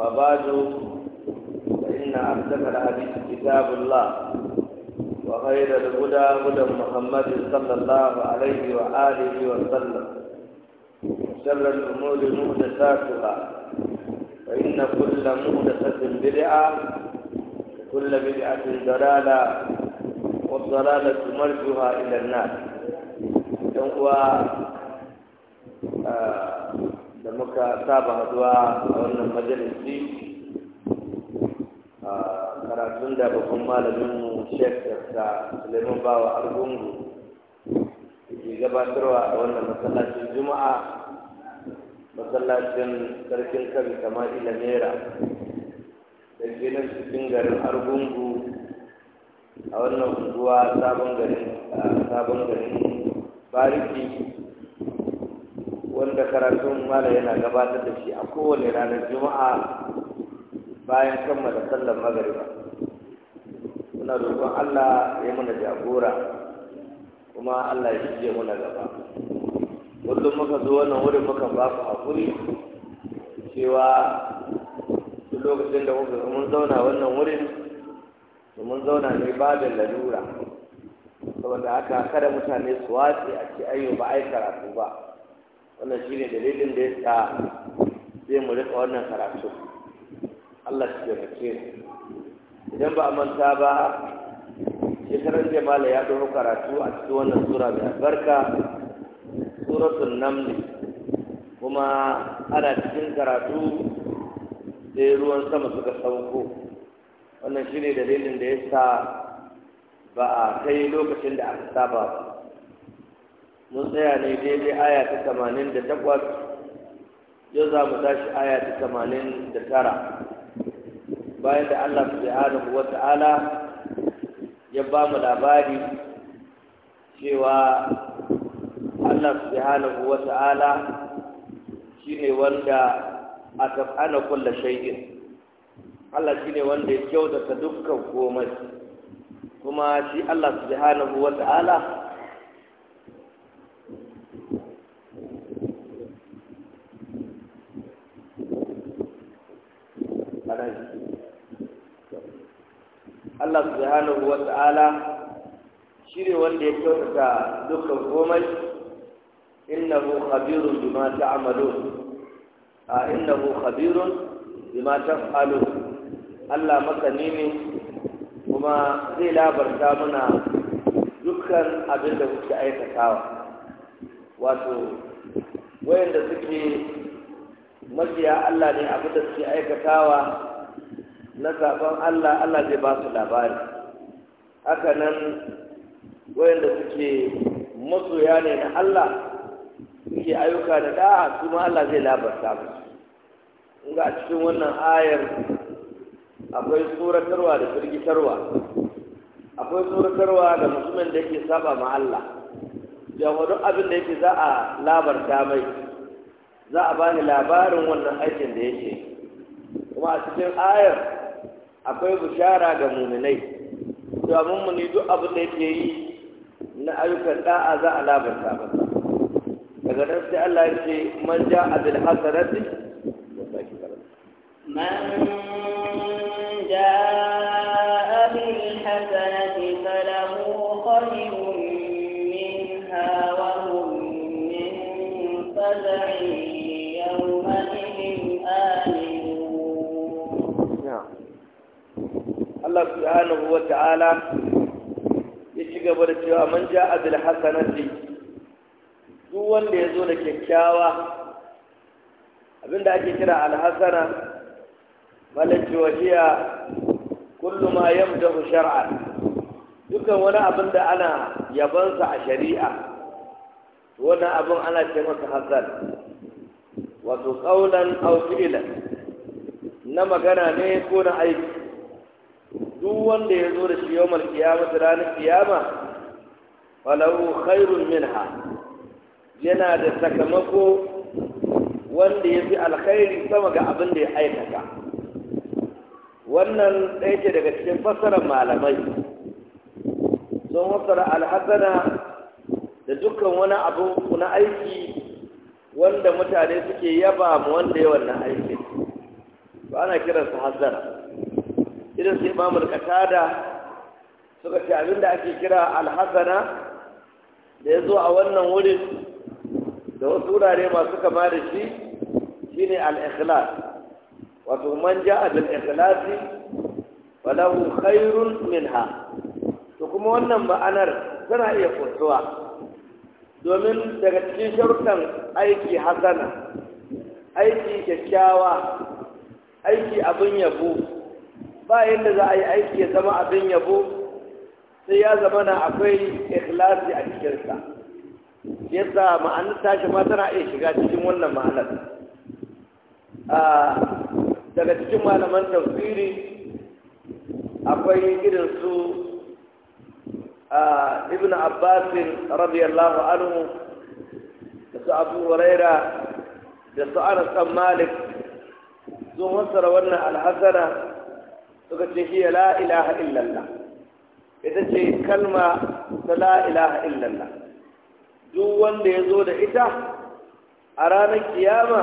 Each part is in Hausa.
أما فإن أحسن الحديث كتاب الله وخير الهدى هدى محمد صلى الله عليه وآله وسلم وشر الأمور محدثاتها فإن كل محدثة بدعة كل بدعة ضلالة والضلالة مرجها إلى الناس. آه muka saba haduwa a wannan majalisi a karatun da babban malaminmu shek da suleiman bawa argungu ke gabatarwa a wannan masallacin juma'a masallacin sarkin kabi ila naira da ke cikin garin argungu a wannan unguwa sabon garin bariki wanda karatun mala yana gabatar da shi a kowane ranar juma'a bayan kammala sallar magariba muna roƙon Allah ya muna jagora kuma Allah ya shige muna gaba kullum muka zo wannan wurin muka ba ku haƙuri cewa duk lokacin da kuka mun zauna wannan wurin mun zauna ne da lalura saboda haka kada mutane su watse a ce ayyo ba ai karatu ba wannan shine dalilin da ya sa zai mu rika wannan karatu Allah shi taimake mu idan ba a manta ba shekaran jamala ya ɗauro karatu a cikin wannan sura mai albarka suratun namli kuma ana cikin karatu sai ruwan sama suka sauko wannan shine dalilin da ya sa ba a kai lokacin da aka saba ba mun tsaya ne daidai aya ta tamanin da takwas yau za mu tashi aya ta tamanin da tara bayan da Allah subhanahu wa ta'ala ya ba mu labari cewa Allah subhanahu wa ta'ala ne wanda a tafana kulla shaikin. Allah shi ne wanda ya kyautata dukkan komai kuma shi Allah subhanahu wa ta'ala Allah subhanahu wa ta'ala shi ne wanda ya kyautata dukkan komai innahu khabirun bima ta'malun a innahu khabirun bima taf'alun Allah maka ne kuma zai labarta mana dukkan abin da kuke aikatawa wato wayanda suke mabiya Allah ne abin da suke aikatawa na zaben Allah Allah zai ba su labari haka nan wayanda suke masoya ne na Allah suke ayyuka da da'a su ma Allah zai labarta in ga a cikin wannan ayar akwai tsoratarwa da firgitarwa akwai tsoratarwa da mutumin da yake saba ma Allah yawa duk abin da yake za a labarta mai za a bani labarin wannan aikin da yake kuma a cikin ayar akwai bishara ga muminai domin mu ne duk abu da yake yi na ayyukan da'a za a labarta masa daga nan sai Allah ya ce man ja'a bil hasanati man ja subhanahu wa ta'ala ya ci gaba da cewa man ja'a hasanati duk wanda ya zo da kyakkyawa abinda ake kira alhasana malaki wahiya kullu ma yamdahu shar'an Dukkan wani abin da ana yabansa a shari'a wannan abin ana ce masa hasan wato qaulan aw fi'lan na magana ne ko na aiki duk wanda ya zo da shi yawmal qiyamati ranar kiyama falahu khairun minha yana da sakamako wanda ya fi alkhairi sama ga abin da ya aikata wannan ɗaya ce daga cikin fassarar malamai sun fassara alhassana da dukkan wani abu na aiki wanda mutane suke yaba ma wanda ya wannan aiki ba ana kiransa hassana irin su imamul katada suka ce abinda ake kira alhassana da ya zo a wannan wurin da wasu wurare masu kama da shi shine al-ikhlas wato man ja'a bil ikhlasi falahu khairun minha to kuma wannan ma'anar tana iya furtuwa domin daga cikin sharuɗan aiki hasana aiki kyakkyawa aiki abin yabo ba yadda za a yi aiki ya zama abin yabo sai ya zama na akwai ikhlasi a cikinsa yadda ma'anar tashi ma tana iya shiga cikin wannan ma'anar daga cikin malaman tafsiri akwai irin su ibn abbasin radiyallahu anhu da su abu huraira da su anas malik sun wasara wannan alhassana suka ce hiya la ilaha illallah ita ce kalma ta la ilaha illallah duk wanda ya zo da ita a ranar kiyama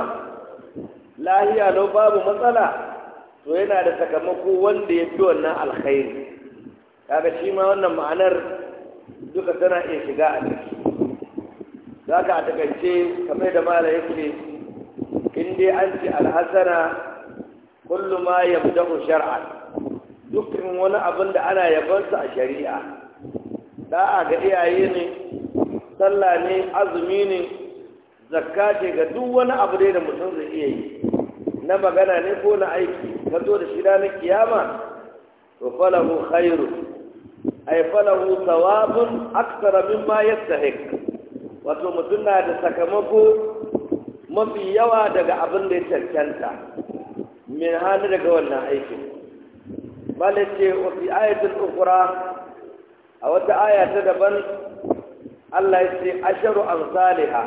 lahiya lau babu matsala to yana da sakamako wanda ya fi wannan alkhairi kaga shi ma wannan ma'anar duka tana iya shiga a ciki za ka a takaice kamar da mala yake in dai an ce alhassana kullum ma yabdahu shar'a dukkan wani abin da ana yabansa a shari'a Da a ga iyaye ne sallah ne azumi ne zakka ce ga duk wani abu dai da mutum zai iya yi na magana ne ko na aiki ka zo da shi na kiyama to falahu khairu ay falahu thawabun akthara mimma yastahiq wato mutum na da sakamako mafi yawa daga abin da ya cancanta min hali daga wannan aikin malace wa fi ayatul ukhra a wata aya ta daban Allah ya ce asharu amsalha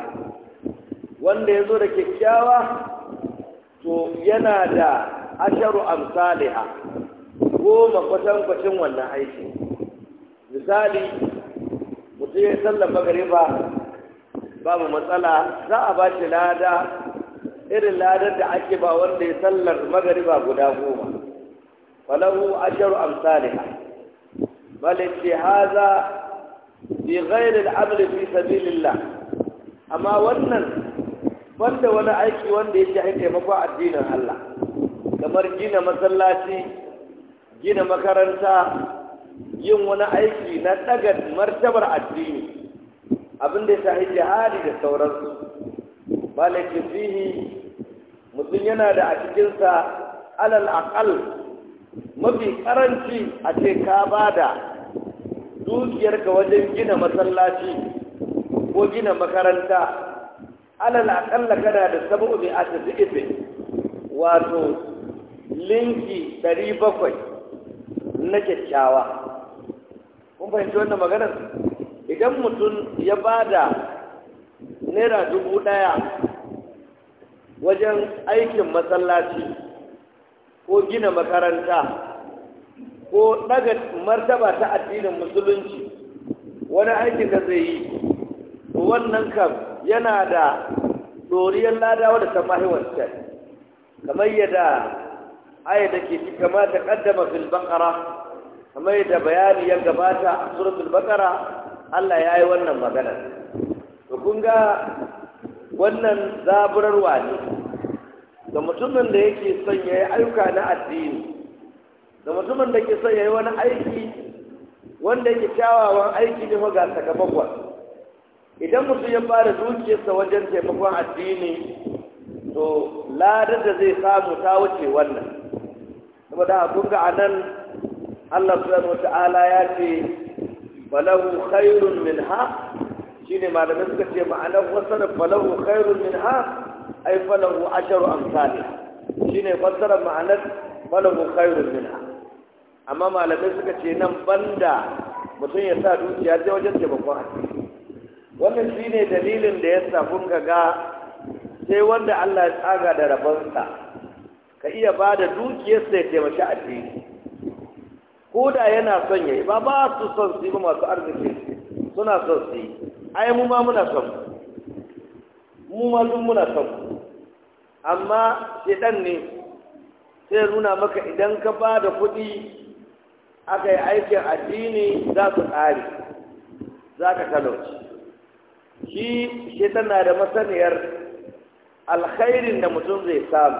wanda yazo da kyakkyawa to yana da asharu amsalha goma kwatan kwacin wannan aiki misali mutum ya sallar magariba babu matsala za a ba shi lada irin ladar da ake ba wanda ya sallar magariba guda goma falahu asharu amsalha bal hadha bi da al-amal fi sabilillah amma wannan banda wani aiki wanda yake ai taimako addinin Allah kamar gina masallaci gina makaranta yin wani aiki na ɗaga martabar addini abin da ya jihadi da sauransu ba fihi mutum yana da a cikinsa alal aqal mafi karanci a ce ka ba da dukiyarka wajen gina masallaci ko gina makaranta alal akalla kana da sabu bi a wato linki ɗari bakwai na kyakkyawa kun fahimci wannan maganar idan mutum ya ba da naira dubu ɗaya wajen aikin masallaci ko gina makaranta ko daga martaba ta addinin musulunci wani aikin da zai yi wannan kam yana da doriyar ladawa da samahi wancan kamar yadda aya da ke ci kama ta kaddama fil baqara kamar yadda bayani ya gabata a suratul baqara Allah ya yi wannan magana to kun ga wannan zaburarwa ne ga mutumin da yake son ya yi ayyuka na addini da mutumin da ke son ya yi wani aiki wanda yake kyawawan aiki ne ga sakamakon idan mutum ya fara dukiyarsa wajen taimakon addini to ladar da zai samu ta wuce wannan saboda kun ga anan Allah subhanahu wata'ala ya ce balahu khairun minha shine malamin suka ce ma'anar wasan balahu khairun minha ai falahu asharu amsalih shine fassara ma'anar falahu khairun minha amma malamai suka ce nan banda mutum ya sa dukiya zai wajen taimakon addini wannan shine dalilin da ya sa kun ga sai wanda Allah ya tsaga da rabonsa ka iya ba da dukiyarsa ya taimaki addini ko da yana son yayi ba ba su son su yi masu arziki suna son su yi ai mu ma muna son mu mu ma duk muna son ku amma shedan ne sai nuna maka idan ka ba da kuɗi aka yi aikin addini za su ƙari za ka talauci shi shedan na da masaniyar alkhairin da mutum zai samu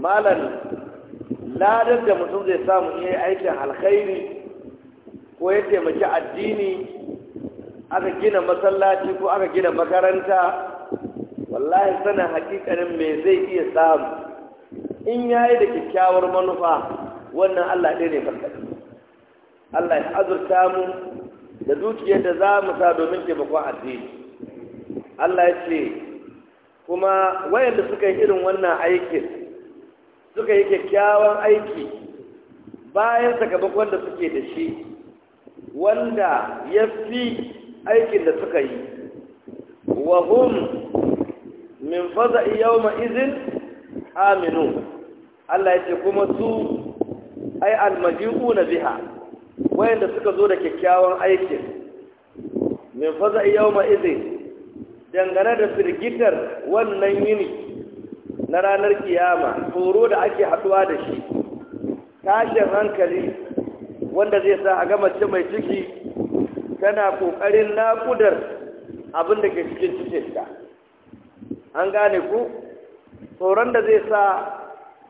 malam ladar da mutum zai samu yi aikin alkhairi ko ya taimaki addini aka gina masallaci ko aka gina makaranta wallahi sanin hakikanin me zai iya samu in yayi da kyakkyawar manufa wannan Allah ɗaya ne barkaci Allah ya azurta mu da dukiyar da za mu sa domin taimakon addini Allah ya ce kuma wayanda suka yi irin wannan aikin suka yi kyakkyawan aiki bayan sakamakon da suke da shi wanda ya fi aikin da suka yi wa hum min faza'i yawma izin aminu Allah ya kuma su ai na biha wayanda suka zo da kyakkyawan aikin min faza'i yawma izin dangane da firgitar wannan yini na ranar kiyama tsoro da ake haɗuwa da shi tashin hankali wanda zai sa a gama ce mai ciki tana ƙoƙarin naƙudar abin da ke cikin ta an gane ku tsoron da zai sa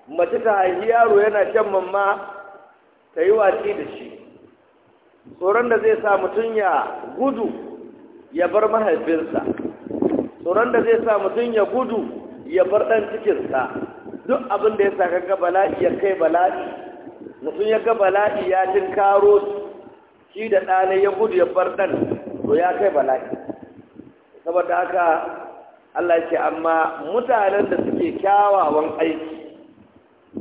mace ta haihi yaro yana shan mamma ta yi watsi da shi tsoron da zai sa mutum ya gudu ya bar mahaifinsa tsoron da zai sa mutum ya gudu ya bar ɗan cikinsa duk abin da ya sa kaga bala'i ya kai bala'i mutum ya ga bala'i ya tinkaro shi da ɗane ya gudu ya bar ɗan to ya kai bala'i saboda haka Allah ce amma mutanen da suke kyawawan aiki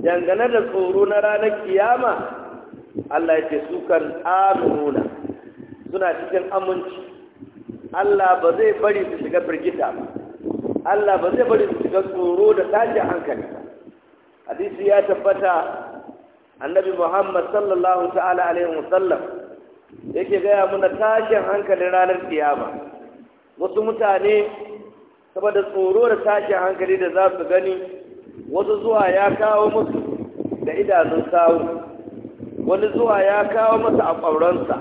dangane da tsoro na ranar kiyama Allah ya ce su kan aminuna suna cikin aminci Allah ba zai bari su shiga firgita ba Allah ba zai bari su shiga tsoro da tashin hankali ba hadisi ya tabbata annabi Muhammad sallallahu ta'ala alaihi wasallam yake gaya muna tashin hankalin ranar kiyama wasu mutane saboda tsoro da tashin hankali da za su gani wasu zuwa ya kawo musu da idanun sawu wani zuwa ya kawo masa a ƙwauransa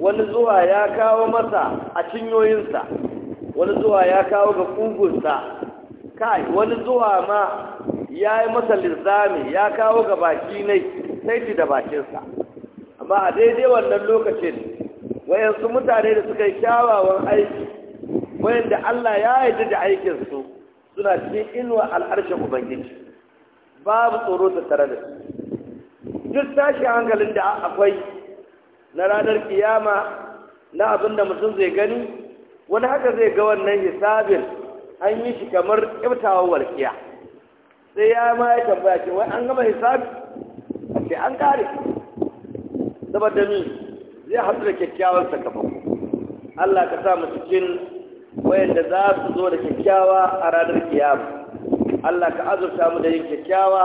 wani zuwa ya kawo masa a cinyoyinsa wani zuwa ya kawo ga ƙugunsa kai wani zuwa ma ya yi masa linzami ya kawo ga baki nai saiti da bakinsa amma a daidai wannan lokacin wayansu mutane da suka yi kyawawan aiki wayanda Allah ya yarda da aikinsu suna cikin inuwa al'arshen ubangiji babu tsoro ta tare da su duk tashi hankalin da akwai na ranar kiyama na abin da mutum zai gani wani haka zai ga wannan hisabin an yi shi kamar ƙibtawar walƙiya sai ya ma ya tambaya ce wai an gama hisabi a ce an kare saboda ni zai haɗu da kyakkyawan sakamako Allah ka sa mu cikin wayanda za su zo da kyakkyawa a ranar kiyama Allah ka azurta mu da yin kyakkyawa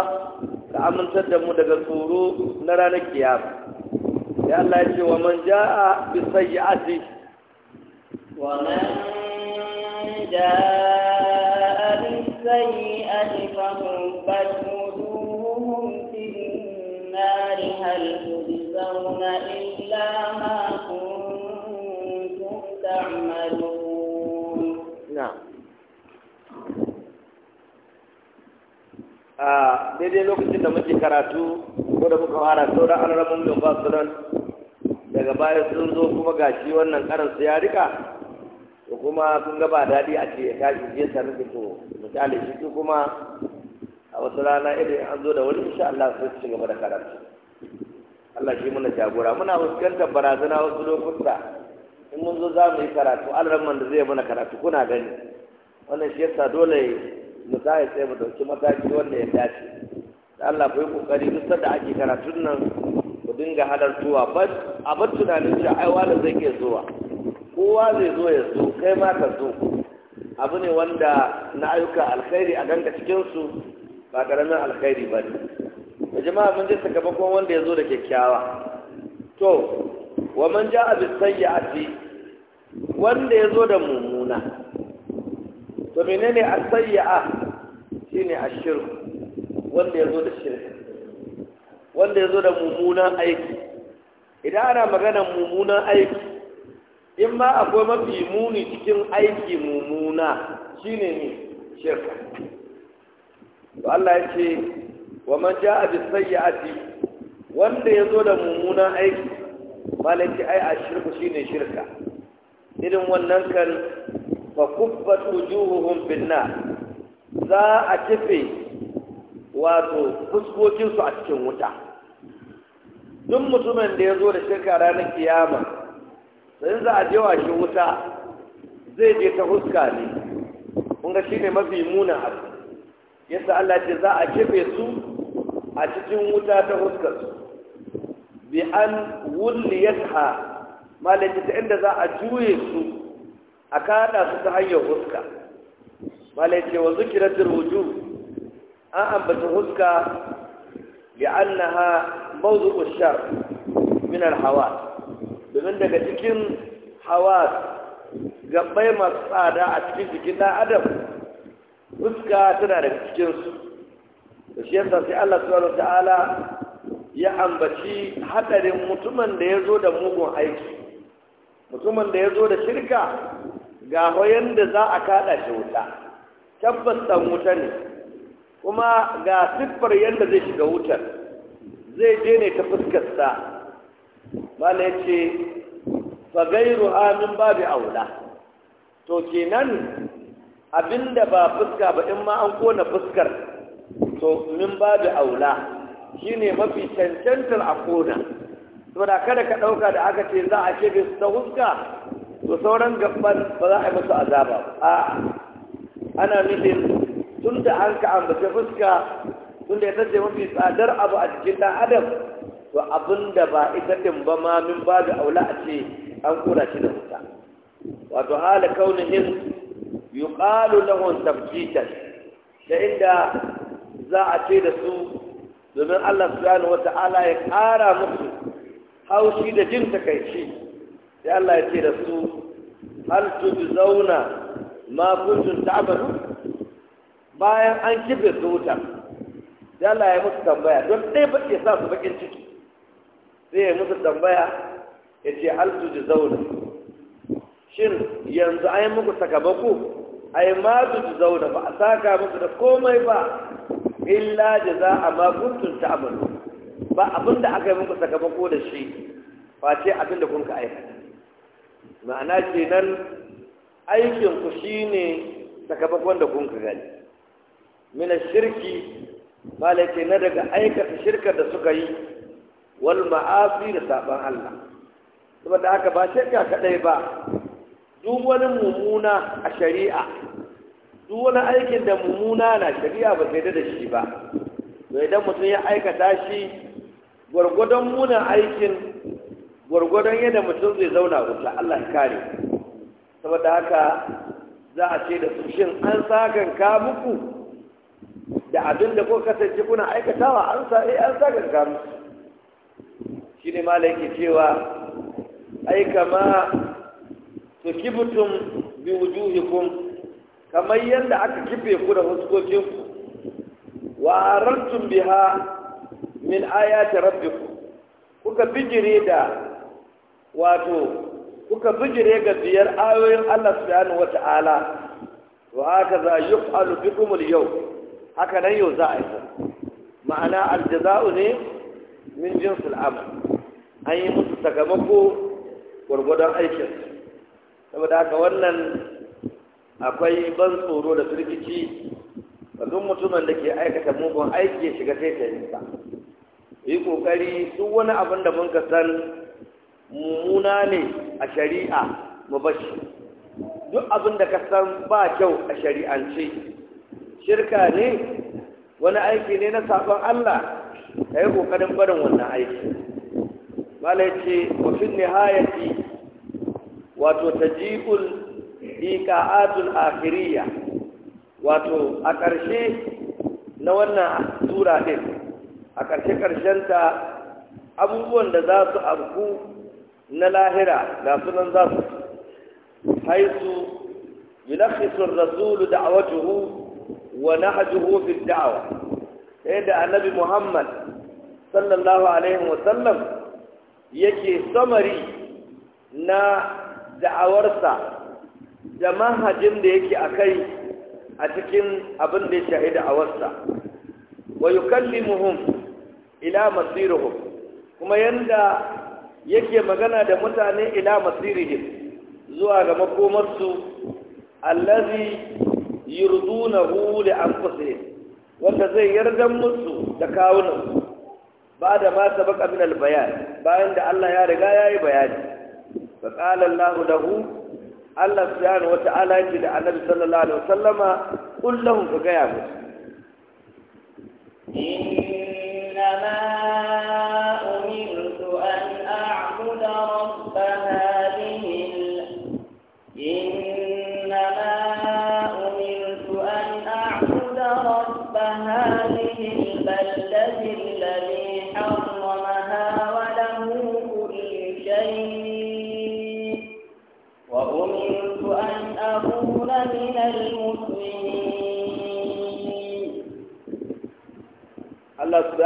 ka amintar da mu daga tsoro na ranar kiyama ya Allah ya ce wa man ja'a bi sayyi'ati wa man ja'a bi sayyi'ati fa hum تجزون إلا ما كنتم تعملون نعم a daidai lokacin da muke karatu ko da muka fara an alarabun min ba su nan daga baya sun zo kuma gashi wannan karansu ya rika to kuma kun ga ba daɗi a ce ya tashi je sa nufi to misali shi kuma a wasu rana irin an zo da wani insha Allah sai su ci gaba da karatu Allah shi muna jagora muna fuskantar barazana wasu lokuta in mun zo za mu yi karatu alramman da zai mana karatu kuna gani wannan shi yasa dole mu tsaya sai mu dauki mataki wanda ya dace da Allah ku yi kokari duk da ake karatun nan ku dinga halartuwa ba a bar tunanin cewa ai wani zai ke zuwa kowa zai zo ya zo kai ma ka zo abu ne wanda na ayyuka alkhairi a ganga su ba karamin alkhairi ba ne jama'a mun ji sakamakon wanda ya zo da kyakkyawa to wa man ja'a bis sayyi'ati wanda ya zo da mummuna to menene as-sayyi'a shine shirku wanda ya zo da shirku? wanda ya zo da mummunan aiki idan ana magana mummunan aiki in ma akwai mafi muni cikin aiki mummuna shine ne shirka to Allah ya ce wa man ja'a bi sayyi'ati wanda yazo da mummunan aiki malaki ai shirku shine shirka irin wannan kan fa kubbat wujuhuhum bin nar za a kife wato su a cikin wuta duk mutumin da ya zo da shirka ranar kiyama sai za a je wa shi wuta zai je ta huska ne kun ga shine mafi munin abu Yasa Allah ce za a kife su a cikin wuta ta huskar su bi an ya wulliyatha malaki ta inda za a juye su a kada su ta hanyar huska malaki wa zikiratul ruju an ambata huska bi na ha shar ushar Minar, hawa domin daga cikin hawa gabbai masu tsada a cikin jikin ɗan adam fuska tana da cikinsu da shi yasa sai Allah subhanahu ta'ala ya ambaci hadarin mutumin da ya zo da mugun aiki mutumin da ya zo da shirka ga hoyon da za a kada shi wuta tabbas san wuta ne kuma ga siffar yadda zai shiga wutar zai je ne ta fuskarsa bala ya ce fagairu amin babu aula to kenan abinda ba fuska ba in ma an kona fuskar to min babu aula shine mafi cancantar a kona saboda kada ka ɗauka da aka ce za a bai su ta huska to sauran gaban ba za a yi musu azaba a ana nufin tun da an ka ambace fuska tun da ya mafi tsadar abu a cikin ɗan adam to abin da ba ita ɗin ba ma min ba da aula a ce an kura shi da wuta wato hala kaunihin yuqalu lahu tabjitan da inda za a ce da su domin Allah subhanahu wata'ala ya ƙara musu haushi da jin takaici sai Allah ya ce da su hal zauna ma kuntum ta'malu bayan an kibe su wuta sai Allah ya musu tambaya don dai ba sa su bakin ciki sai ya musu tambaya ya ce hal zauna shin yanzu an yi muku sakamako ai ma su zauna ba a saka musu da komai ba illa jaza'a ma kuntum ta'malu ba abinda aka yi muku sakamako da shi face abinda kun ka aikata ma'ana nan, aikin ku shine sakamakon da kun ka gani min shirki malai na daga aikata shirkar da suka yi wal ma'afi da saban Allah saboda haka ba shirka kadai ba duk wani mummuna a shari'a duk wani aikin da mummuna na shari'a ba sai da shi ba to idan mutum ya aikata shi gwargwadon munan aikin gwargwadon yadda mutum zai zauna wuta Allah ya kare saboda haka za a ce da su shin an saganka ka muku da abin da kuka kasance kuna aikatawa an sa eh an saganka ka muku shine malai cewa ai kama to bi wujuhikum kamar yadda aka kife ku da ku, wa arartum biha min ayati rabbikum kuka bijire da wato kuka bijire ga biyar ayoyin Allah subhanahu wata'ala wa haka za yuf'alu bikum al-yawm haka nan yau za a yi ma'ana aljaza'u ne min jinsul amal an yi musu sakamako gwargwadon aikinsu saboda haka wannan akwai ban tsoro da firgici ga duk mutumin da ke aikata mugun aiki ya shiga sai ta nisa yi kokari duk wani abin da mun ka san mummuna ne a shari'a mu bashi duk abin da ka san ba kyau a shari'ance shirka ne wani aiki ne na sabon Allah ka yi kokarin barin wannan aiki malai ce wafin nihayati wato tajibul ikaatul akhiriya wato a ƙarshe na wannan sura ɗin a ƙarshe ƙarshen ta abubuwan da za su abu na lahira ga sunan za su haisu yulakhisun rasulu da'awatuhu wa nahjuhu fi da'wa sai da annabi Muhammad sallallahu alaihi wa sallam yake samari na da'awarsa da manhajin da yake a kai a cikin abin da ya shahi da'awarsa wa yukallimuhum ila masirihim kuma yanda yake magana da mutane ila masirihim zuwa ga makomarsu allazi yurdunahu li anfusihim wanda zai yarda musu da kawunan ba da ma sabaka min al bayan bayan da Allah ya riga ya yi bayani fa qala Allah lahu Allah subhanahu wa ta'ala yake da Annabi sallallahu alaihi wasallama qul lahum gaya musu innama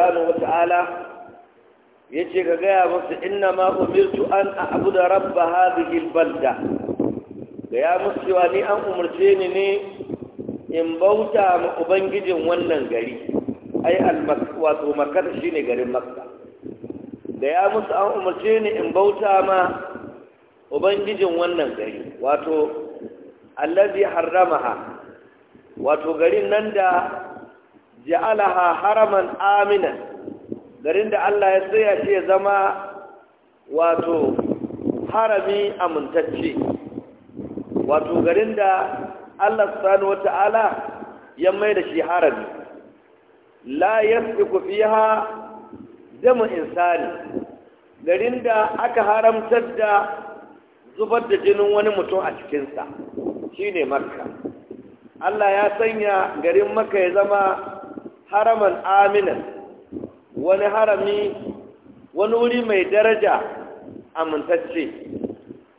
subhanahu wa wata'ala yace ga gaya musu inna ma umirtu an a'budu rabb hadhihi balda ga ya musu cewa ni an umarce ni ne in bauta ma ubangijin wannan gari ai wato makar shi ne garin makka da ya musu an umarce ni in bauta ma ubangijin wannan gari wato allazi harramaha wato garin nan da ja'alaha haraman amina garin da Allah ya tsaya shi ya zama wato harami amintacce wato garin da Allah subhanahu wata'ala ya maida da shi harami la yasbiqu fiha damu insani garin da aka haramtar da zubar da jinin wani mutum a cikinsa shine makka Allah ya sanya garin makka ya zama haraman aminan wani harami wani wuri mai daraja amintacce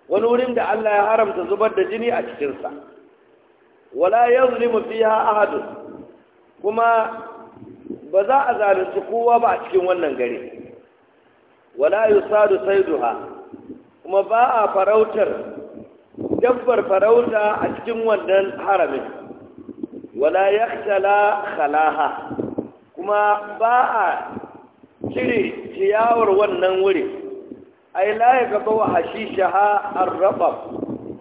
wani wurin da Allah ya haramta zubar da jini a cikinsa wala yazlimu fiha ahadu kuma ba za a zalunci kowa ba a cikin wannan gari wala yusadu saiduha kuma ba a farautar dabbar farauta a cikin wannan haramin wala yaktala khalaha kuma ba a cire ciyawar wannan wuri ai la ya gaba wa hashishaha arrabab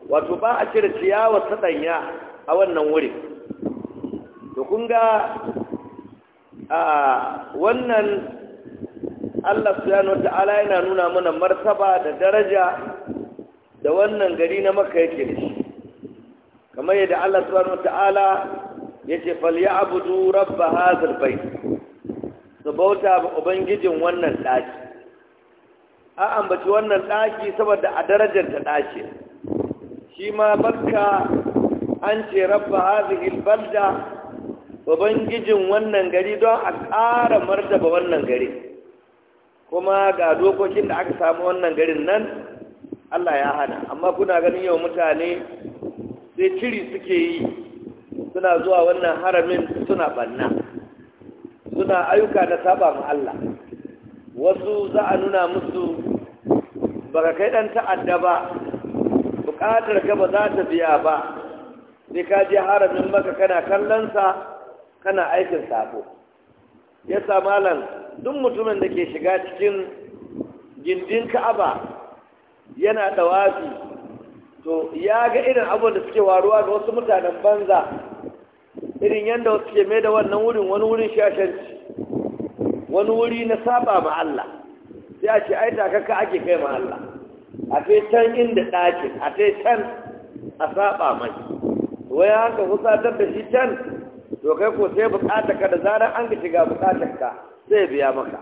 wato ba a cire ciyawar ta danya a wannan wuri to kun ga a wannan Allah subhanahu wata'ala yana nuna mana martaba da daraja da wannan gari na maka yake da shi kamar yadda Allah subhanahu wata'ala yace falyabudu rabb hadhal bai su bauta ba ubangijin wannan daki a ambaci wannan daki saboda a darajar ta daki shi ma bakka an ce rabb hadhihi albalda ubangijin wannan gari don a ƙara martaba wannan gari kuma ga dokokin da aka samu wannan garin nan Allah ya hana amma kuna ganin yau mutane sai ciri suke yi suna zuwa wannan haramin suna banna suna ayyuka na saba ma Allah wasu za a nuna musu baka kai dan ta'adda ba bukatar ka ba za ta biya ba sai ka je haramin maka kana kallon sa kana aikin Ya yasa malam duk mutumin da ke shiga cikin gindin ka'aba yana dawafi to ya ga irin abin da suke waruwa ga wasu mutanen banza irin yadda wasu ke mai da wannan wurin wani wurin shashanci wani wuri na saba ma Allah sai a ce ai takaka ake kai ma Allah a sai can inda ɗakin a sai can a saba mai wai haka fusatar da shi can to kai ko sai bukatar ka da zarar an ga shiga bukatar ka sai biya maka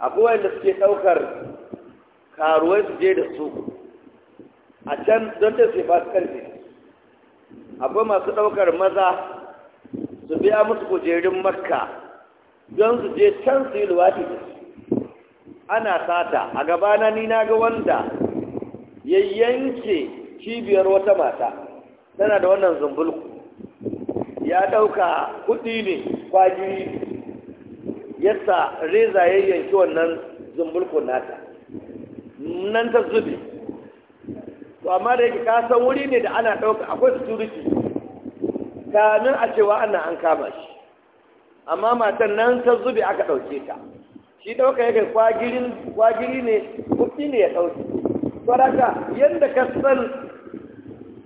akwai wanda suke ɗaukar karuwai su je da su a can don ta sai ba su karfe akwai masu ɗaukar maza su biya musu kujerun makka don su je can su yi luwaɗi ana sata a gabana ni na ga wanda ya yanke cibiyar wata mata tana da wannan zumbulku ya ɗauka kuɗi ne kwaji yasa reza ya yanki wannan zumbulkun nata nan ta zubi to amma da yake kasan wuri ne da ana ɗauka akwai security nan a cewa ana an kama shi amma matan nan ta zube aka ɗauke ta shi ɗauka yake kwagiri ne kuɗi ne ya ɗauke saraka yadda ka san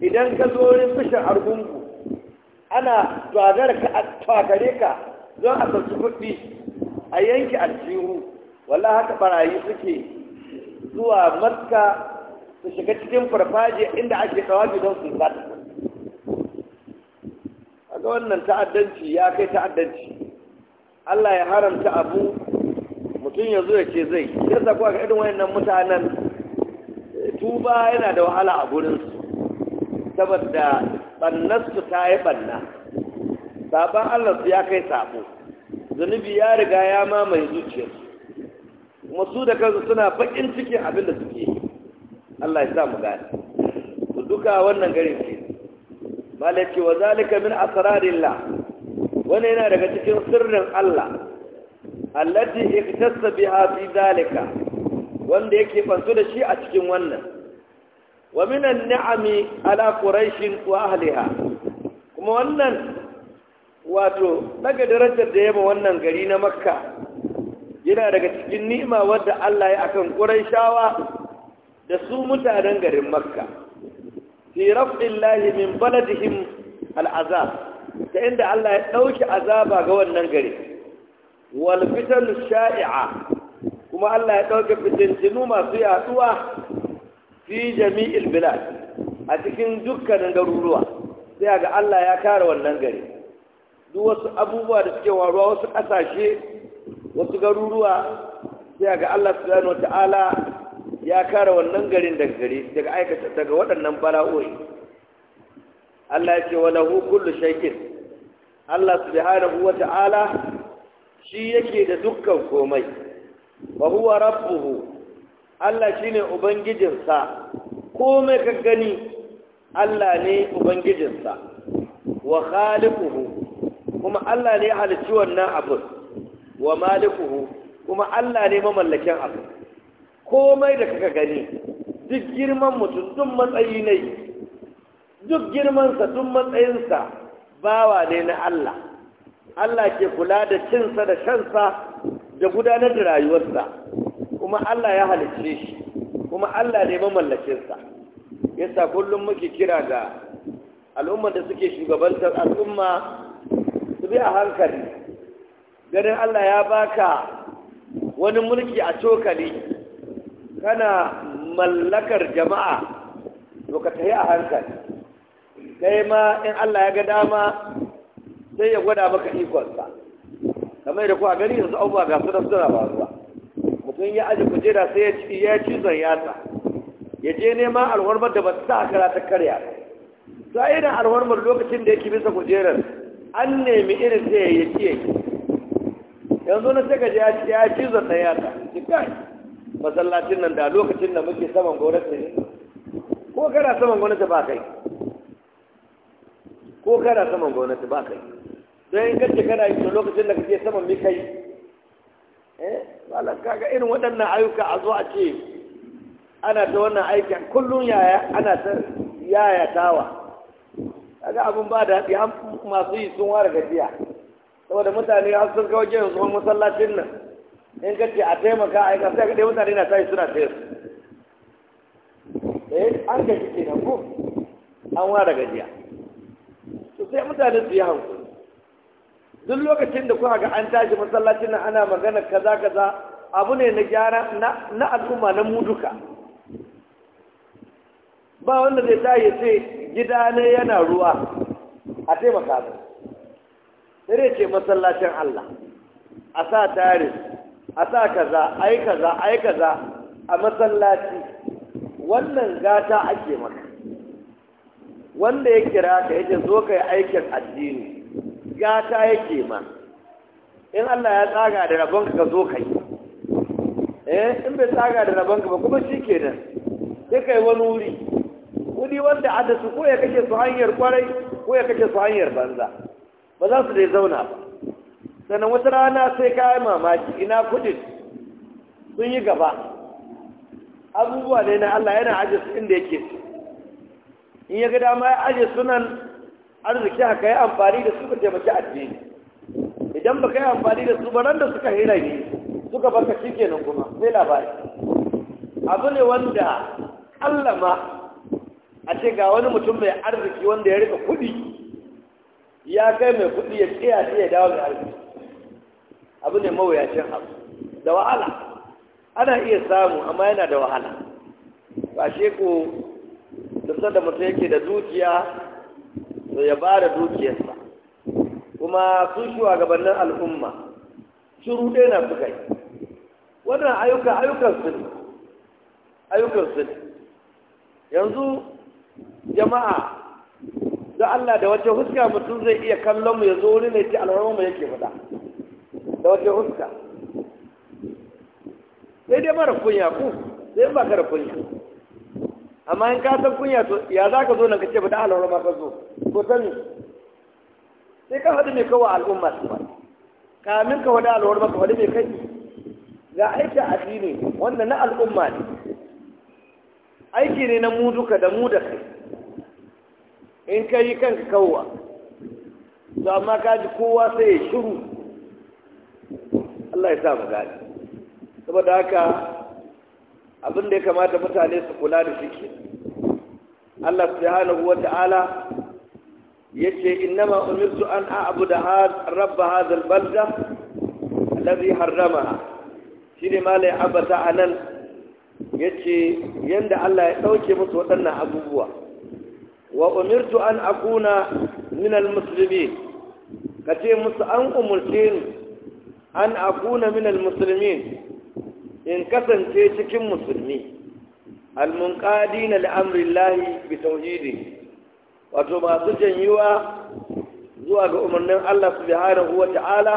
idan ka zo wurin fushin argungu ana tsadar ka a tsakare ka don a sauki kuɗi a yanki aljihu wala haka barayi suke zuwa matka su shiga cikin farfajiya inda ake tsawafi don su zata a ga wannan ta'addanci ya kai ta'addanci Allah ya haramta abu mutum ya zo ya ce zai yasa kuwa ga irin wayannan mutanen tuba yana da wahala a gurinsu saboda ɓannarsu ta yi ɓanna saban su ya kai sabo zunubi ya riga ya mamaye zuciyarsu masu da kansu suna baƙin cikin abin da suke Allah ya sa mu gane to duka wannan garin ce malaki wa zalika min asrarillah wannan yana daga cikin sirrin Allah allati iktasa biha fi zalika wanda yake fansu da shi a cikin wannan wa min an'ami ala quraish wa ahliha kuma wannan wato daga darajar da yaba wannan gari na makka yana daga cikin ni'ima wadda Allah ya akan quraishawa da su mutanen garin makka fi raf'illahi min baladihim al'azab ta inda Allah ya ɗauki azaba ga wannan gari wal fitan sha'i'a kuma Allah ya ɗauki fitintinu masu yaduwa fi jami'il bilad a cikin dukkanin garuruwa sai ga Allah ya kare wannan gari duk wasu abubuwa da suke waruwa wasu ƙasashe wasu garuruwa sai ga Allah subhanahu ya kare wannan garin daga gari daga aikata daga waɗannan bala'o'i Allah ya ce wa lahu kullu shay'in Allah subhanahu wa ta'ala shi yake da dukkan komai wa huwa rabbuhu Allah shine ubangijinsa komai ka gani Allah ne ubangijinsa wa khaliquhu kuma Allah ne halicci wannan abu wa malikuhu kuma Allah ne mamallakin abu komai da kaka gani duk girman mutum duk matsayi ne duk girmansa tun matsayinsa bawa ne na Allah Allah ke kula da cinsa da shansa da gudanar da rayuwarsa kuma Allah ya halicce shi kuma Allah ne mamallakinsa yasa kullum muke kira ga al'ummar da suke shugabantar al'umma su bi a hankali ganin Allah ya baka wani mulki a cokali kana mallakar jama'a to ka tafi a hankali kai ma in Allah ya ga dama sai ya gwada maka ikonsa kamar da kuwa gari yanzu abubuwa ga suna suna ba ruwa mutum ya aji kujera sai ya ci ya ci zan yatsa ya je neman alwarmar da ba sa kara ta karya ta irin alwarmar lokacin da yake bisa kujerar an nemi irin sai ya ci yanzu na sai ga ya ci zan yatsa masallacin nan da lokacin da muke saman gwamnati ne ko kana saman ta ba kai ko kana saman ta ba kai don in kace kana yi lokacin da kake saman mi kai eh wala kaga irin waɗannan ayyuka a zo a ce ana ta wannan aikin kullum yaya ana ta yaya tawa kaga abun ba da an masu yi sun ware gajiya saboda mutane har sun kawo jiya zuwa masallacin nan in ka ce a taimaka a aika sai ka dai mutane na tashi suna tayar eh an gaji ke nan ko an ware gajiya to sai mutane su yi hankali duk lokacin da kuka ga an tashi masallacin nan ana magana kaza kaza abu ne na gyara na al'umma na mu duka ba wanda zai tashi ce gida ne yana ruwa a taimaka ba sai ce masallacin Allah a sa tarihi a sa kaza ai kaza ai kaza a masallaci wannan gata ake maka wanda ya kira ka yake zo ka yi aikin addini gata yake ma in Allah ya tsaga da rabon ka zo ka yi eh in bai tsaga da rabon ka ba kuma shi kenan sai kai wani wuri Wuri wanda adasu su ko ya kake su hanyar kwarai ko ya kake su hanyar banza ba za su dai zauna ba sannan wata rana sai ka yi mamaki ina kudin sun yi gaba abubuwa ne na Allah yana aje su inda yake su in ya ga ma ya aje sunan arziki haka yi amfani da suka ka taimaki addini idan baka yi amfani da su ba da suka hira ne suka baka shi kenan kuma sai labari abu ne wanda Allah ma a ce ga wani mutum mai arziki wanda ya rika kuɗi ya kai mai kuɗi ya tsaya sai ya dawo mai arziki abu ne mawuyacin abu da wahala ana iya samu amma yana da wahala ba shi ko da da mutum yake da dukiya to ya ba da dukiyarsa kuma sun gabanin al'umma shuru ɗaya na suka yi wannan ayyukan ayyukan su ne ayyukan su ne yanzu jama'a da Allah da wacce huska mutum zai iya kallon mu ya zo wani ne ce alhamdulillah yake faɗa da wata huska sai dai mara kunya ku sai ba ka da kunya amma in ka san kunya to ya za ka zo nan ka ce ba da alawar ba ka zo ko sani sai ka faɗi mai kawai al'umma su ba kamin ka faɗi alawar ba ka wada mai kai ga aiki addini wanda na al'umma ne aiki ne na mu duka da mu da kai in ka yi kanka kawowa to amma ka ji kowa sai ya shiru Allah ya sa mu gani saboda haka abin da ya kamata mutane su kula da shi ke Allah subhanahu wa ta'ala yace innama umirtu an a'budu rabb hadha al-balda alladhi harramaha shine malai abata anan yace yanda Allah ya dauke musu waɗannan abubuwa wa umirtu an akuna min al-muslimin kace musu an umurce ni an akuna min almuslimin in kasance cikin musulmi almunqadina li amri llahi bi tauhidi wato masu janyuwa zuwa ga umarnin Allah subhanahu wa ta'ala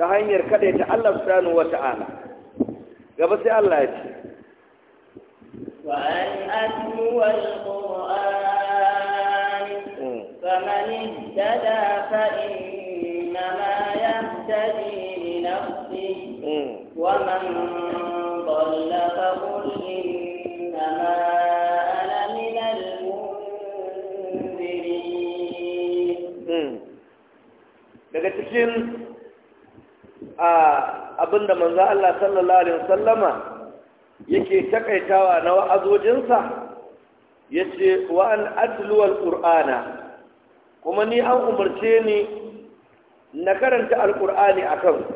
ta hanyar kaɗaita Allah subhanahu wa ta'ala gaba sai Allah ya ce wa an atlu al qur'an hmm. faman ihtada fa innama yahtadi ومن ضل فقل إنما أنا من daga cikin abinda manzo Allah sallallahu alaihi wasallama yake takaitawa na wa'azojinsa yace wa an atlu alqur'ana kuma ni an umarce ni na karanta alqur'ani akan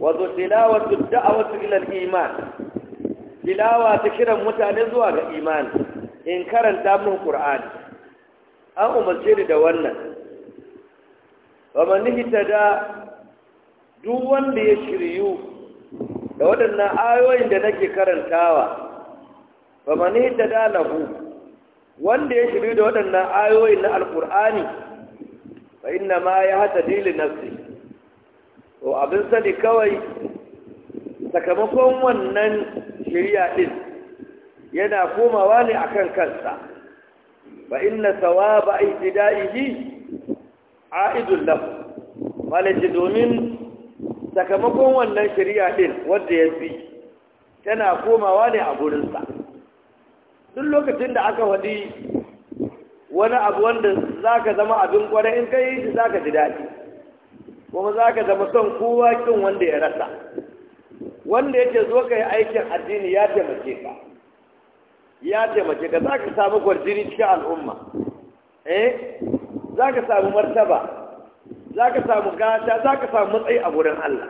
wato tilawatu a wasu al-iman tilawa ta kiran mutane zuwa ga iman in karanta mun qur'ani an umarce ni da wannan wa man da duk wanda ya shiryu da waɗannan ayoyin da nake karantawa wa man da lahu wanda ya shiryu da waɗannan ayoyin na alqur'ani fa inna ma ya hata li nafsihi to abin sani kawai sakamakon wannan shirya din yana komawa ne akan kansa ba inna sawaba ibtida'ihi a'idul lahu malaji domin sakamakon wannan shirya din wanda ya bi tana komawa ne a gurinsa duk lokacin da aka wadi wani abu wanda zaka zama abin kwarai in kai za ka ji daɗi kuma za ka zama son kowa kin wanda ya rasa wanda yake zo ka yi aikin addini ya taimake ka ya taimake ka za ka samu gwarjini cikin al'umma eh za ka samu martaba za ka samu gata za ka samu matsayi a wurin Allah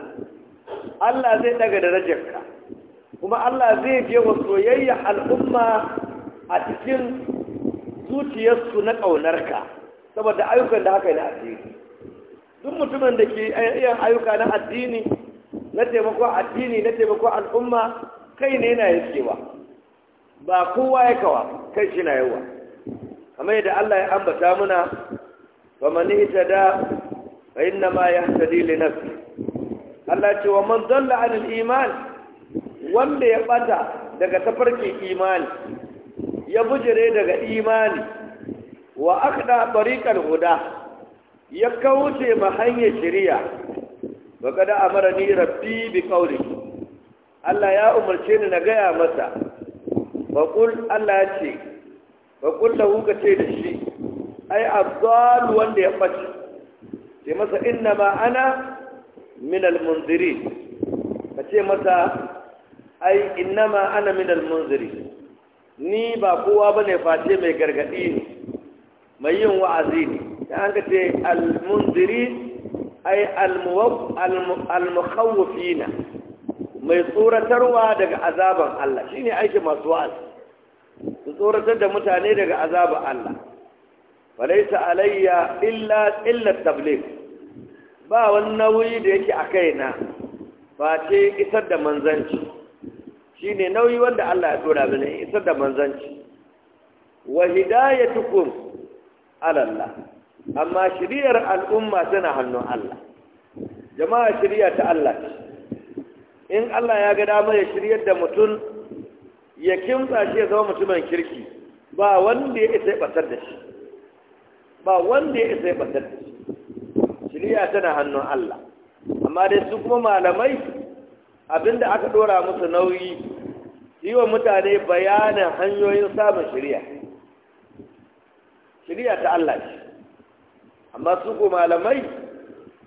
Allah zai daga darajarka kuma Allah zai je wa soyayya al'umma a cikin zuciyarsu na ƙaunarka saboda ayyukan da haka na addini tun mutumin da ke yin ayyuka na addini na taimako addini na taimako al'umma kai ne na yakewa ba kowa ya kawa kai shi na yawa kamar yadda Allah ya ambata muna wa man ihtada fa inna ma yahtadi li nafsi Allah ce wa man dalla anil iman wanda ya bata daga tafarkin imani ya bujire daga imani wa akda tariqal huda ya kauce ma hanyar shari'a Ba kada ni rabbi bi kauri. Allah ya umarce ni na gaya masa ba kul Allah ya ce ba kul da ce da shi ai afdal wanda ya bace ce masa inna ma ana min almunziri ka ce masa ai inna ma ana min almunziri ni ba kowa bane face mai gargadi ne mai yin wa'azi ne an ka ce almunziri ay na. mai tsoratarwa daga azaban Allah shine aikin masu wa'az su tsoratar da mutane daga azaban Allah falaita alayya illa illa tabligh ba wani nauyi da yake a kaina face isar da manzanci shine nauyi wanda Allah ya ba mini isar da manzanci wa hidayatukum ala Allah amma shiriyar al'umma tana hannun Allah jama'a shiriya ta Allah in Allah ya ga dama ya shiryar da mutum ya kimsa shi ya zama mutumin kirki ba wanda ya isa ya batar da shi ba wanda ya isa batar da shi shiriya tana hannun Allah amma dai su kuma malamai abinda aka dora musu nauyi yi wa mutane bayanin hanyoyin samun shiriya shiriya ta Allah ce amma su ko malamai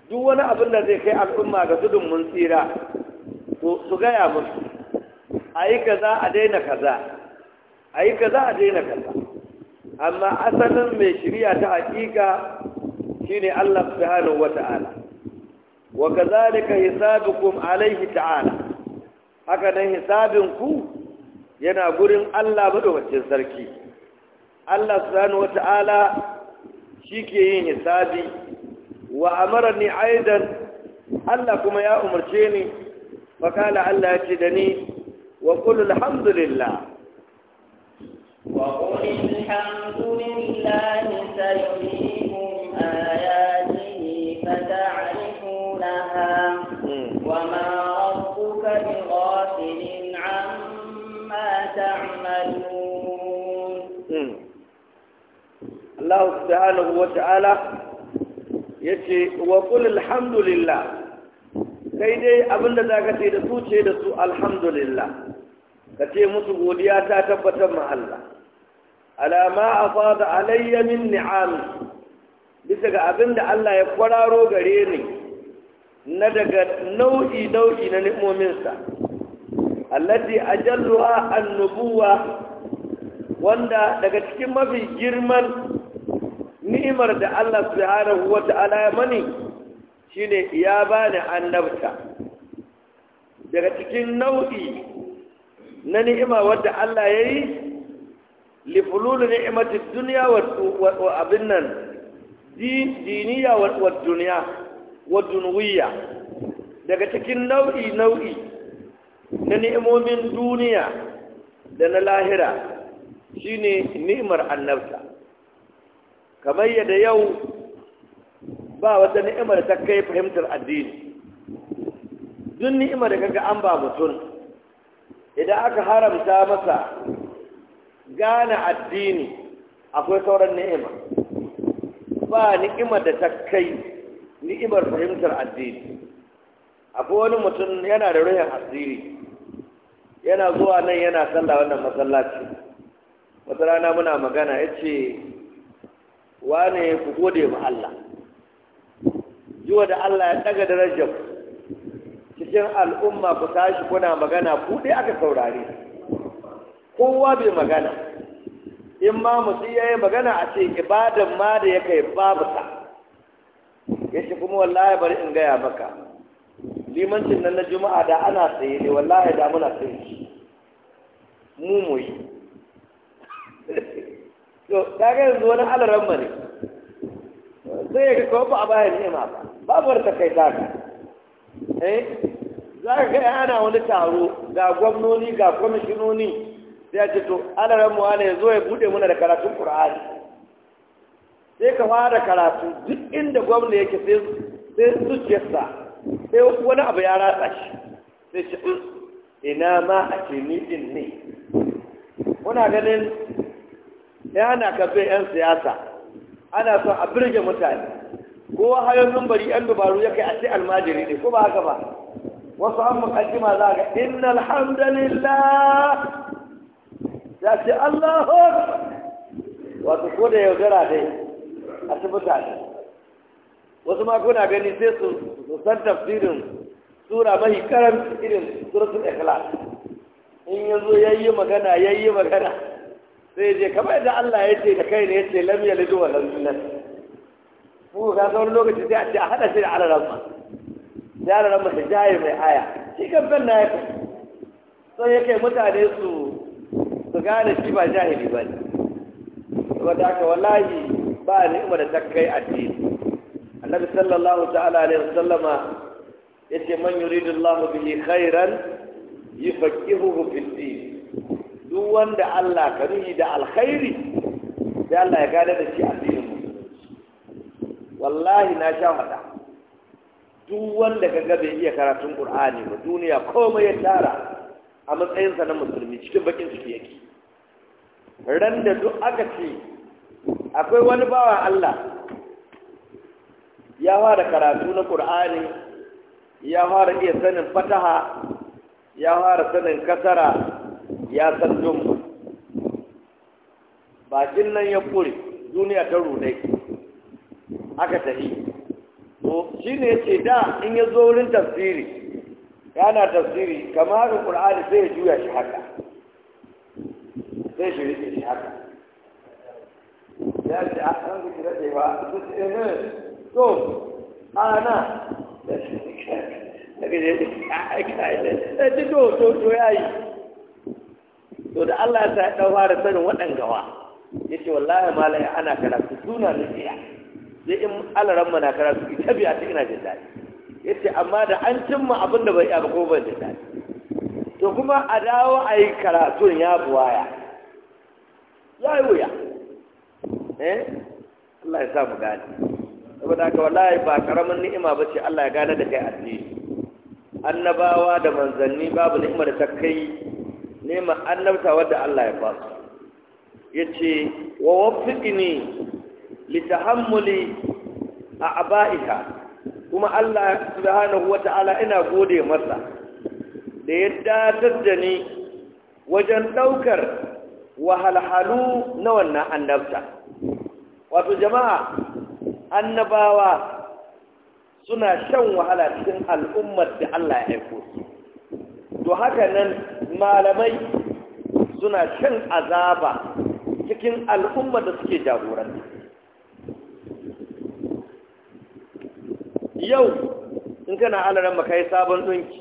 duk wani abin da zai kai al'umma ga tudun mun tsira su gaya musu a yi kaza a daina kaza a yi kaza a daina kaza amma asalin mai shirya ta hakika shine Allah subhanahu wata'ala wa kadhalika hisabukum alaihi ta'ala haka nan hisabin ku yana gurin Allah madawacin sarki Allah subhanahu wata'ala shi ke yin hisabi wa amara ni aidan Allah kuma ya umarce ni fakala Allah ya ce da ni wa kullu alhamdulillah wa qul alhamdulillah Allah سبحانه وتعالى ta'ala ya ce لله kai dai abinda za ka ce da su ce da su alhamdulillah ka ce musu godiya ta tabbatar ma Allah alama a fada alayya min ni'am bisa ga abinda Allah ya kwararo gare ni na daga nau'i nau'i na ni'mominsa allati ajalluha an-nubuwa wanda daga cikin mafi girman ni'imar da Allah subhanahu wa ta'ala ya mani shine ya bani annabta daga cikin nau'i na ni'ima wadda Allah ya yi lifululu ni'imatin duniya wa abin nan diniya wa duniya wa dunwiya daga cikin nau'i nau'i na ni'imomin duniya da na lahira shine ni'imar annabta kamar yadda yau ba wata ni'imar ta kai fahimtar addini duk ni'imar da kaga an ba mutum idan aka haramta masa gane addini akwai sauran ni'ima ba ni'imar da ta kai ni'imar fahimtar addini akwai wani mutum yana da ruhin asiri yana zuwa nan yana sallah wannan masallaci wata rana muna magana ya ce wane ku gode ma Allah yiwa da Allah ya daga darajar cikin al'umma ku tashi kuna magana ku dai aka saurare kowa bai magana in ma mutum ya magana a ce ibadan ma da ya kai babu sa ya ce kuma wallahi bari in gaya maka limancin nan na juma'a da ana tsaye ne wallahi da muna tsaye mu mu to kaga yanzu wani alaran mare sai ya kawo ba a bayan nema ba babar ta kai ka eh za ka kai ana wani taro ga gwamnoni ga kwamishinoni sai ya ce to alaran mu ya zo ya bude mana da karatun qur'ani sai ka fara karatu duk inda gwamna yake sai sai zuciyarsa sai wani abu ya ratsa shi sai shi mm, ina ma a ce ni din ne muna ganin ya ana ka yan siyasa ana son a birge mutane kowa hayon numbari yan dubaru ya kai a ce almajiri ne ko ba haka ba wasu an mukaddima za ga inna alhamdulillah ya ce allahu wato ko da yaudara dai a ci mutane wasu ma kuna gani sai su san tafsirin sura mahi karanta irin suratul ikhlas in yazo yayi magana yayi magana sai je kamar Allah ya ce da kai ne ya ce lam yalid wa lam yulad ku ga sauran lokaci sai a ce a hada shi da alaran ma da alaran ma da jaye mai aya shi kan ban na yake sai kai mutane su su gane shi ba jahili ba ne saboda haka wallahi ba ni'ima da takkai addini annabi sallallahu ta'ala alaihi yace man yuridu Allahu bihi khairan yufaqihuhu fid din duk wanda Allah ka nuhi da alkhairi sai Allah ya gada da shi addinin musulunci wallahi na sha faɗa duk wanda ka ga bai iya karatun ƙur'ani ba duniya komai ya tara a matsayinsa na musulmi cikin bakin ciki yake ran da duk aka ce akwai wani bawa Allah ya fara karatu na ƙur'ani ya fara iya sanin fataha ya fara sanin kasara ya san jumma bakin nan ya kure duniya ta rune aka tafi to shi ne ce da in ya zo wurin tafsiri yana tafsiri kamar ƙur'ani sai ya juya shi haka sai shi rike shi haka ya ce a kan ku kira ba su ce ne eh, to ana da shi ne ka ga ne a shi ne to to ya yi to da Allah ta ya fara sanin waɗan gawa ya ce wallahi mala'i ana karatu suna da tsaya sai in alaran na karatu ita biya ta ina jin daɗi ya ce amma da an cimma abin da bai iya ba ko ban jin daɗi to kuma a dawo a yi karatun ya buwaya ya yi wuya eh Allah ya sa mu gane saboda haka wallahi ba karamin ni'ima ba ce Allah ya gane da kai addini annabawa da manzanni babu ni'imar da ta kai neman annabta wadda Allah ya ba ya ce wa wafiƙini litahammuli a aba'ika kuma Allah subhanahu ta'ala ina gode masa da ya datar da ni wajen ɗaukar wahalhalu na wannan annabta wato jama'a annabawa suna shan wahala cikin al'ummar da Allah ya aiko to haka nan malamai suna shan azaba cikin al'umma da suke jagoranta yau in kana alaran maka yi sabon ɗinki,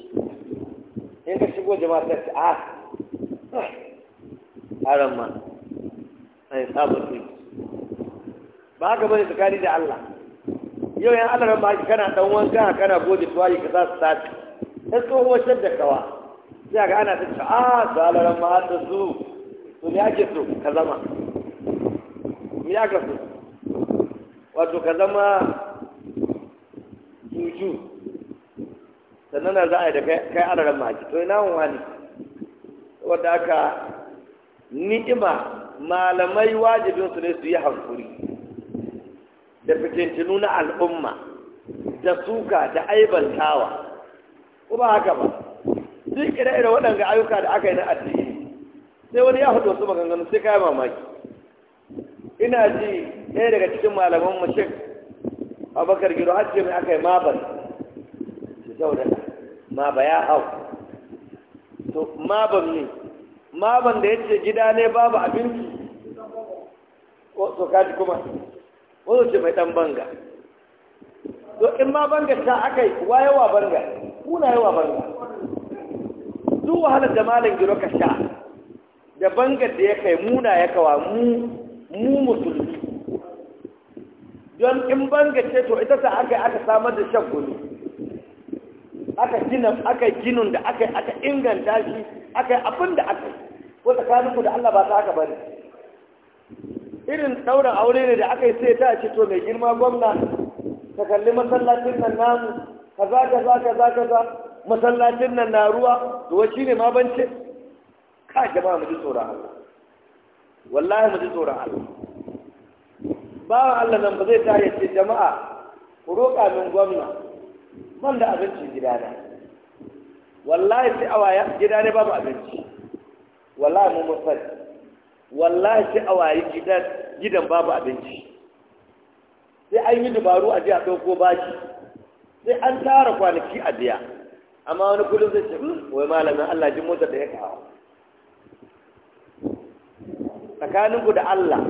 in ka shigo jama'a ta ce a ah, ah, aran ma a yi sabon ɗunki ba haka bane tsakani da Allah yau yan alaran ma kana ɗan wanka kana tuwa yi ka za su tashi ta tsohuwar da kawa sai ga ana ta a salaran ah, ma ta su su ne ake so ka zama me aka so wato ka zama juju sannan na za a yi da kai alaran ma ake to ina wani wadda aka ni'ima malamai wajibinsu ne su yi hankuri da fitintinu na al'umma da suka da aibantawa ko ba haka ba duk ire-ire waɗanda ayyuka da aka yi na addini sai wani ya hudu wasu maganganu sai kayan mamaki ina ji ɗaya daga cikin malaman mu shek abakar giro har ce mai aka yi mabar su sau ma ba ya hau to maban ne maban da ya ce gida ne babu abinci to kaji kuma wazo ce mai ɗan banga to in ma banga ta aka yi wa banga kuna yawa banga Su wahalar da malam giro ka sha da bangar da ya kai muna ya kawa mu mu musulmi don in bangar ce to ita ta aka aka samar da shan gudu aka gina aka ginin da aka aka inganta shi aka abin da aka ko tsakanin ku da Allah ba ta aka bari. irin daura aure ne da aka yi sai ta ce to mai girma gwamna ta kalli masallacin nan namu kaza kaza kaza kaza masallacin nan na ruwa ruwa shi ne ma bance ka jama'a mu ji tsoron Allah wallahi mu ji tsoron Allah bawan Allah nan ba zai ta ce jama'a ku roƙa min gwamna man da abinci gidana wallahi sai awa gida ne babu abinci wallahi mu mun wallahi sai awa gidan gidan babu abinci sai an yi dubaru a ji a ɗauko baki. sai an tara kwanaki a biya amma wani kullum zai ce hmm, wai malamin Allah jin motar da ya kawo tsakaninku da Allah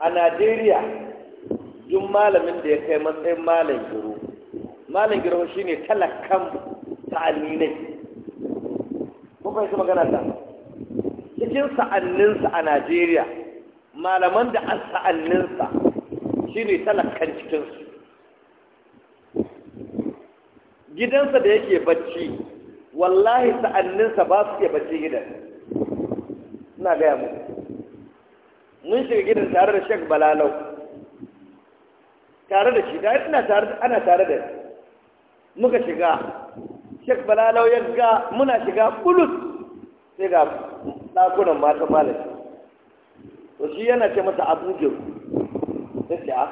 a Najeriya jin malamin da ya kai matsayin malam giro malam giro shi ne talakan sa'anninai kuma fahimci magana ta cikin sa'anninsa a Najeriya malaman da an sa'anninsa shi ne talakan cikinsu gidansa da yake bacci wallahi sa'anninsa ba su iya bacci gidan ina gaya mu mun shiga gidan tare da shek balalau tare da shi da ana tare da muka shiga shek balalau ya ga muna shiga bulus sai ga dakunan mata malam to shi yana ce masa abu sai ce a ah,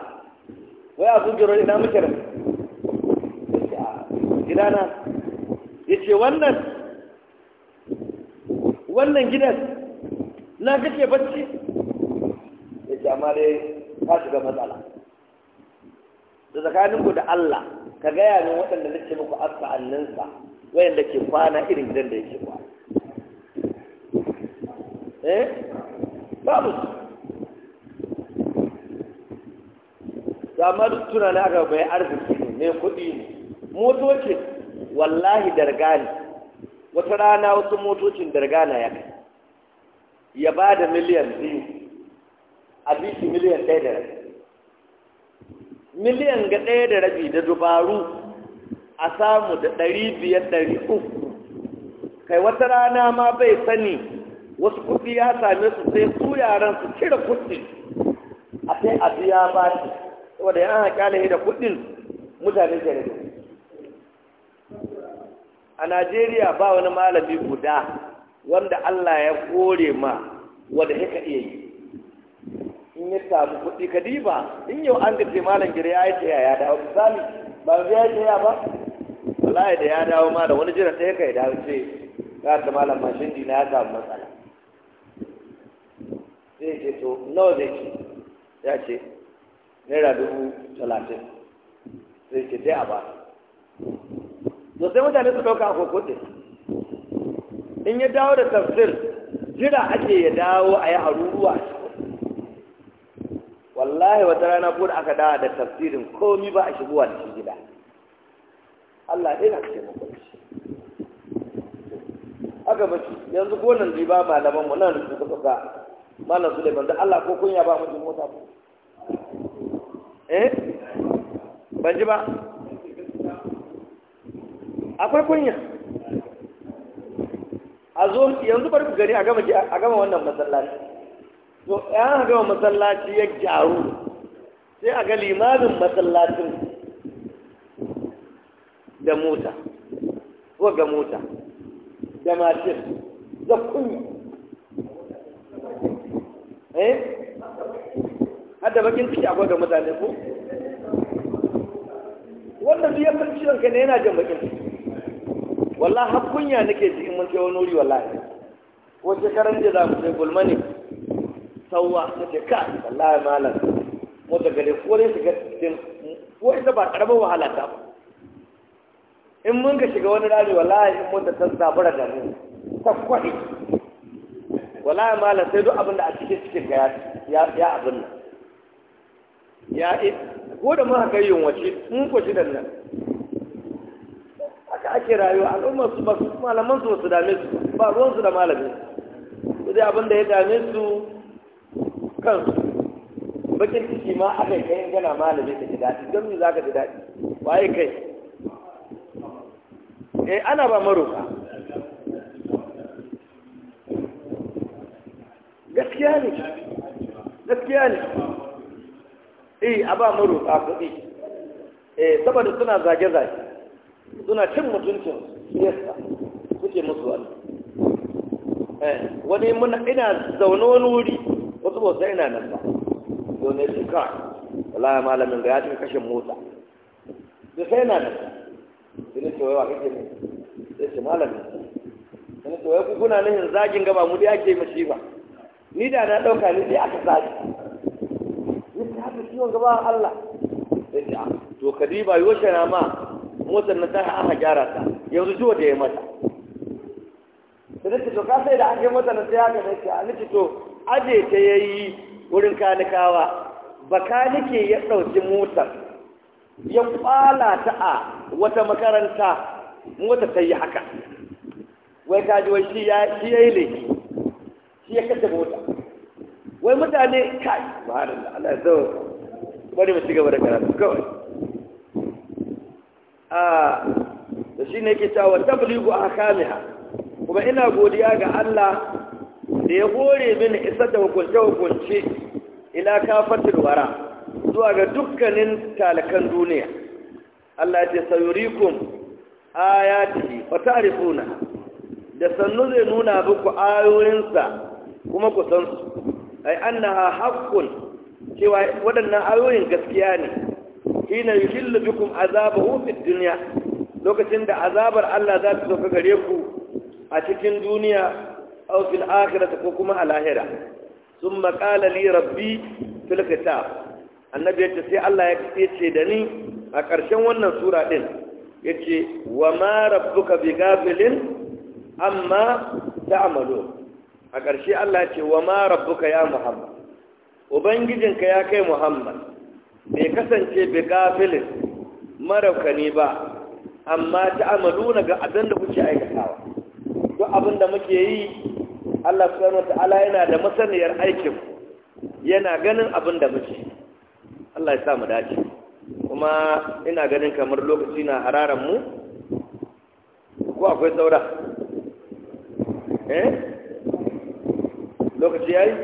wai abu gero ina muke rasu gidana ya ce wannan wannan gidan na kake bacci ya ce amma dai ka shiga matsala da tsakaninku da Allah ka gaya ne waɗanda nake muku annansa wayanda ke kwana irin gidan da yake kwana eh babu su amma duk tunanin aka bai arziki ne kuɗi ne motocin wallahi dargani wata rana wasu motocin dargana ya kai ya ba da miliyan biyu a bishi miliyan ɗaya da rabi miliyan ga ɗaya da rabi da dubaru a samu da ɗari biyar ɗari uku kai wata rana ma bai sani wasu kuɗi ya same su sai su yaran su cire kuɗi a sai a biya ba su saboda yana kyale da kuɗin mutane ke da a najeriya ba wani malami guda wanda allah ya kore ma wanda haka iya yi in ya samu kuɗi ka diba in yau an ce malam gire ya yi ta yaya dawo misali ba ya yi ta yaya ba wallahi da ya dawo ma da wani jiran ta haka ya dawo ce ga ta malam mashin dina ya samu matsala sai ce to nawa zai ce ya ce naira dubu talatin sai ce dai a ba da sai mutane su ɗauka a kokote in ya dawo da tafsir jira ake ya dawo a yi haruruwa wallahi wata rana ko da aka dawo da tafsirin komi ba a shigowa da shi gida Allah ɗaya na taimakon haka ba shi yanzu ko nan zai ba malaman mu nan su kuka malam su da Allah ko kunya ba mu mota eh ban ji ba akwai kunya a zo yanzu bari ku gani a gama wannan masallaci to yan gama masallaci ya gyaru sai a ga limamin masallacin da mota ko ga mota da mashin da kunya eh hada bakin ciki akwai ga mutane ko wannan duk yankin san ciwon kai ne yana jin bakin ciki wallah har kunya nake ji in mun kai wani wuri wallahi ko shekaran da za mu sai gulma ne sauwa na ce ka wallahi malam wata gare ko dai shiga cikin ko ita ba karamar wahala ta ba in mun ka shiga wani rari wallahi in mun ta zabura da mu ta kwaɗi. wallahi malam sai duk abin da a cikin cikin ga ya ya abin nan ya eh, ko da mun haka yin wace mun ko shi nan da ake rayuwa al'umma su ba su malaman su su dame su ba ruwan su da malami su dai abin da ya dame su kansu bakin ciki ma aka yi kayan gana malami ka ji daɗi don me za ka ji daɗi waye kai eh ana ba maroka gaskiya ne gaskiya ne eh a ba maroka kuɗi eh saboda suna zage-zage suna cin mutuncin siyasa kuke musu wani eh, wani muna ina zaune wani wuri wasu ba sai ina nan ba zaune su wala ya malamin ga ya cika kashin mota da sai na nan sai ne wa kake ne sai ce malamin sai ne cewa ku kuna nan zagin gaba mu da ake mashi ba ni da na dauka ni sai aka zagi ni ta haka ciwon gaba Allah sai ce ah, to kadiba yoshe na ma motar na ta aka gyara ta yanzu zuwa da ya mata da nake to ka sai da an yi motar na sai haka nake a nake to aje ta yi wurin kanikawa nake ya ɗauki motar ya kwala ta a wata makaranta motar ta yi haka wai kaji wai shi ya yi laifi shi ya kasa mota wai mutane kai da Allah ya zo bari mu ci gaba da karatu kawai da shi ne ke cewa tabligu kamiha. kuma ina godiya ga Allah da ya hore mini isa da hukunce-hukunce ila kafatul wara zuwa ga dukkanin talakan duniya Allah ce sayurikum ayatihi fa ta'rifuna da sannu zai nuna muku ayoyinsa kuma ku san su ai annaha haqqun cewa waɗannan ayoyin gaskiya ne hina yuhillu bikum azabahu fid dunya lokacin da azabar Allah za ta sauka gare ku a cikin duniya aw fil akhirati ko kuma a lahira thumma qala li rabbi fil kitab annabi yace sai Allah ya ce da ni a ƙarshen wannan sura din yace wa ma rabbuka gafilin amma ta'malu a ƙarshe Allah ce wa ma rabbuka ya Muhammad ubangijinka ya kai Muhammad kasance bi gafilin maraukani ba amma ta na ga abin da kuke aikatawa duk abin da muke yi Allah subhanahu ta'ala yana da masaniyar aikin yana ganin abin da muke Allah ya sa mu dace kuma ina ganin kamar lokaci na hararan mu ko akwai saura eh lokaci yayi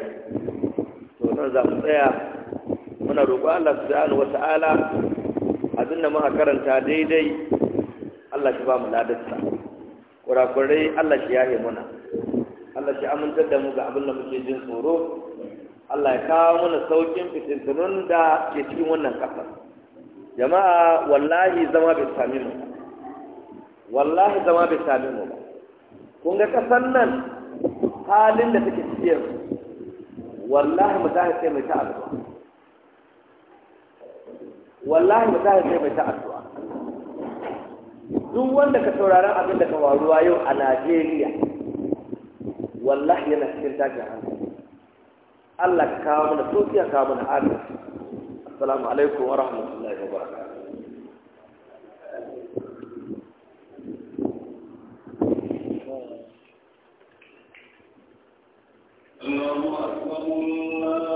to nan za mu tsaya muna roƙo Allah Wa ta'ala, abin da muka karanta daidai Allah shi ba mu ladarsa kurakurai Allah shi yahe muna Allah shi amintar da mu ga abin da muke jin tsoro Allah ya kawo mana saukin fitintunan da ke cikin wannan ƙasar jama'a wallahi zama bai sami mu wallahi zama bai sami mu ba kun ga kasan nan halin da take cikin wallahi mu ta ce mai ta'adu wallahi ba za ka sai ta addu'a duk wanda ka sauraron abin da ka waruwa yau a Najeriya wallahi yana cikin tashin hannu, Allah ka kawo mana sosiya kawo mana agaji assalamu alaikum wa rahmatullahi wa barakatuh